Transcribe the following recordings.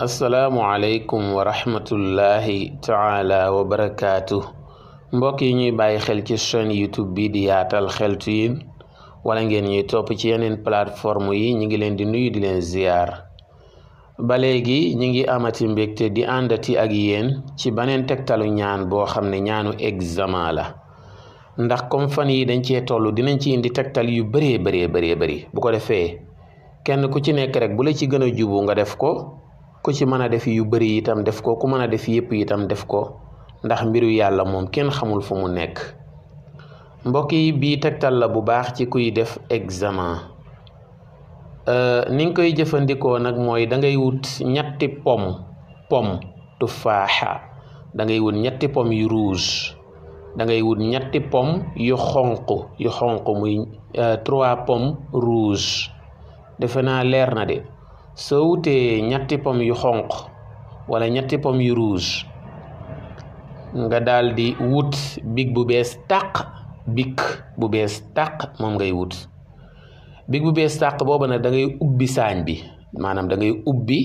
asalaamualeykum wa rahmatullahi taala wa barakaatu mbokk yi ñuy bàyyi xel ci chaîne youtube bi di yaatal xeltu yi wala ngeen ñuy topp ci yeneen plateforme yi ñu ngi leen di nuyu di leen ziyaar ba léegi ñu ngi amati mbégte di àndati ak yéen ci beneen tegtalu ñaan boo xam ne ñaanu examen la ndax comme fan yi dañ cee tollu dinañ ci indi tegtal yu bëree bëree bëree bëri bu ko defee kenn ku ci nekk rek bu la ci gën a jubu nga def ko ku ci mën a def yu bari itam def ko ku mën a def yépp itam def ko ndax mbiru yàlla moom kenn xamul fu mu nekk mbokk yi bii tegtal la bu baax ci kuy def examen euh, ni nga koy jëfandikoo nag mooy da ngay wut ñetti pom pom tufaaxa da ngay ñetti pom yu rouge da ngay wut ñetti pom yu xonq yu xonq muy euh, trois pom rouge defe naa leer na de soo wutee ñetti pom yu xonq walla ñetti pom yu rouge nga daldi wut big bu bees tàq big bu bees tàq moom ngay wut big bu bees tàq booba nag da ngay ubbi saañ bi maanaam da ngay ubbi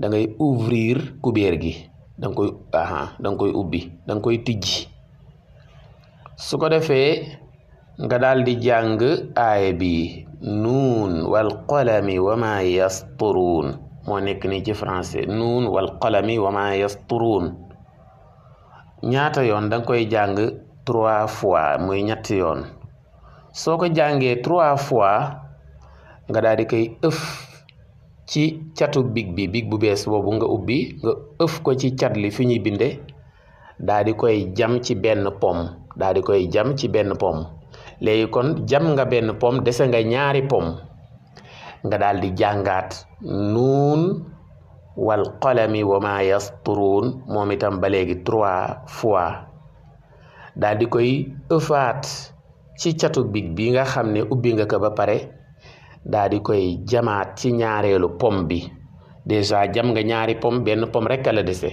dangay ngay ouvrir gi da koy aha da koy ubbi danga koy tijji su ko defee nga daldi jàng aaya bi nu wal qalami wa ma yasturuun moo nekk ni ci français nuun wal qalami wa ma yasturuun ñaata yoon danga koy jàng trois fois muy ñetti yoon soo ko jàngee trois fois nga daal di koy ëf ci catu big bi big bu bees boobu nga ubbi nga ëf ko ci cat li fi ñuy binde daal di koy jam ci benn pomm daal di koy jam ci benn pomm léegi kon jam nga benn pom dese nga ñaari pom nga daal di jàngaat nuun wal qalami wa ma yasturuun moom itam ba léegi trois fois daal di koy ëfaat ci catu big bi nga xam ne ubbi nga ko ba pare daal di koy jamaat ci ñaareelu pomme bi déjà jam nga ñaari pomme benn pomme rek la dese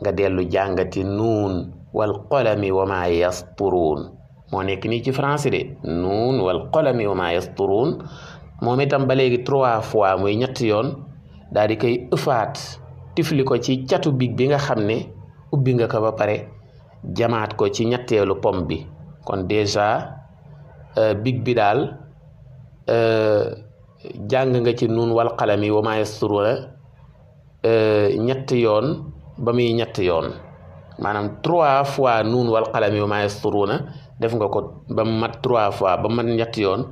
nga dellu jàngati nuun wal qalami wa ma yasturuun moo nekk nii ci français de nuun wal qalami wa ma yasturuun moom itam ba léegi trois fois muy ñetti yoon daal di koy ëfaat tifli ko ci catu big bi nga xam ne ubbi nga ko ba pare jamaat ko ci ñetteelu pom bi kon déjà euh, big bi daal euh, jàng nga ci nun wal xalami wa maa yasturuuna euh, ñetti yoon ba muy ñetti yoon maanaam trois fois nuun wal xalami wa maa def nga ko ba mu mat trois fois ba mu mat ñetti yoon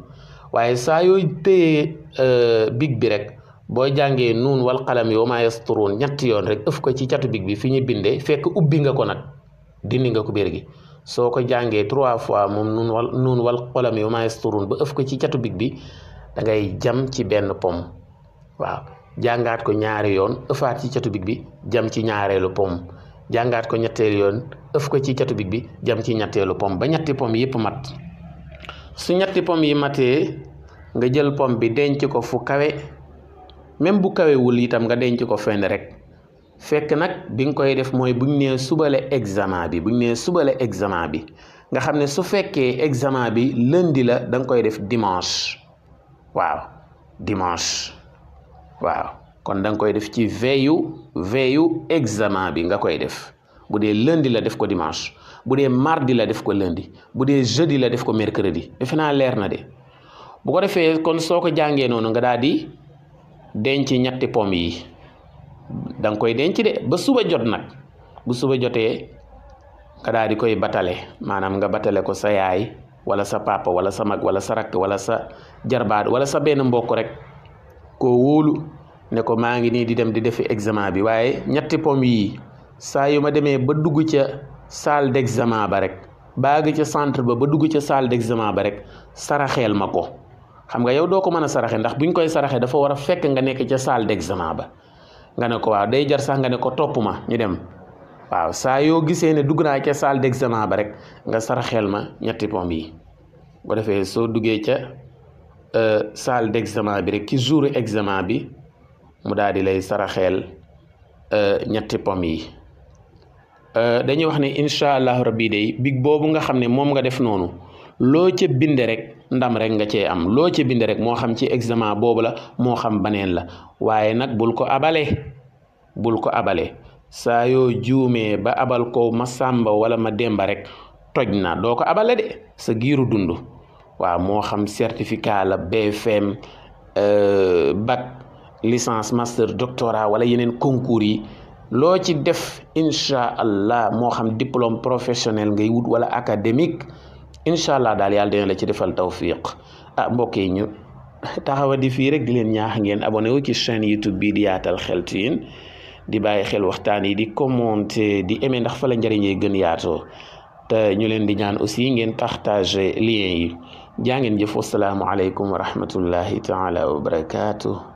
waaye saa yooy téye euh, big bi rek boo jàngee nuun wal xalam yow maa yasturuun ñetti yoon rek ëf ko ci catu big bi fi ñu bindee fekk ubbi nga ko nag dindi nga ko biir gi soo ko jàngee trois fois moom nuun wal nuun wal xalam yow maa yasturuun ba ëf ko ci catu big bi da ngay jam ci benn pom waaw jàngaat ko ñaari yoon ëfaat ci catu bi jam ci ñaareelu pom jàngaat ko ñetteel yoon ëf ko ci catu big bi jam ci ñetteelu pom ba ñetti pom yépp mat su ñetti pom yi matee nga jël pom bi denc ko fu kawe même bu kawewul itam nga denc ko fenn rek fekk nag bi nga koy def mooy bu nee subale examen bi bu ñu nee subale examen bi nga xam ne su fekkee examen bi lundi la da nga koy def dimanche waaw dimanche waaw kon danga koy def ci veillu veillu examen bi nga koy def bu dee lundi la def ko dimanche bu dee mardi la def ko lundi bu dee jeudi la def ko mercredi defe naa leer na de bu ko defee kon soo ko jàngee noonu nga daal di denc ñetti pomme yi da nga koy denc de ba suba jot nag bu suba jotee nga daal di koy batale maanaam nga batale ko sa yaay wala sa papa wala sa mag wala sa rakk wala sa jarbaat wala sa benn mbokk rek ko wóolu ne ko maa ngi nii di dem di defi examen bi waaye ñetti pomme yi saa yu ma demee ba dugg ca. salle d'examen ba rek baa baagi ca centre ba ba dugg ca salle d'examen ba rek saraxeel ma ko xam nga yow doo ko mën a saraxe ndax bu buñ koy saraxe dafa war a fekk nga nekk ca salle d'examen ba nga ne ko waaw day jar sax nga ne ko topp ma ñu dem waaw saa yoo gisee ne dugg naa ca salle d'examen ba rek nga saraxeel ma ñetti pompe yi bu defee soo duggee ca euh, salle d'examen bi rek ci jour examen bi mu daal di lay saraxeel euh, ñetti pompe yi Euh, dañuy wax ne incha allahu rabbi day big boobu nga xam ne moom nga def noonu loo ca bindee rek ndam rek nga cee am loo ca binde rek moo xam ci examen boobu la moo xam baneen la waaye nag bul ko abale bul ko abale saa yoo juumee ba abal ko ma sàmba wala ma demba rek toj na doo ko abale de sa giiru dund waaw moo xam certificat la BFM euh, bag licence master doctorat wala yeneen concours yi loo ci def incha allah moo xam diplôme professionnel ngay wut wala académique incha allah daal yàlla dina la ci defal tawfiq ah mbokk yi ñu taxawa di fii rek di leen ñaax ngeen abonné wu ci chaîne YouTube bii di yaatal xeltiin di bàyyi xel waxtaan yi di commenter di aimer ndax fa la njëriñ yi gën yaatoo te ñu leen di ñaan aussi ngeen partager lien yi jaa ngeen jëf wasalaamualeykum wa rahmatullahi taala wa barakaatu.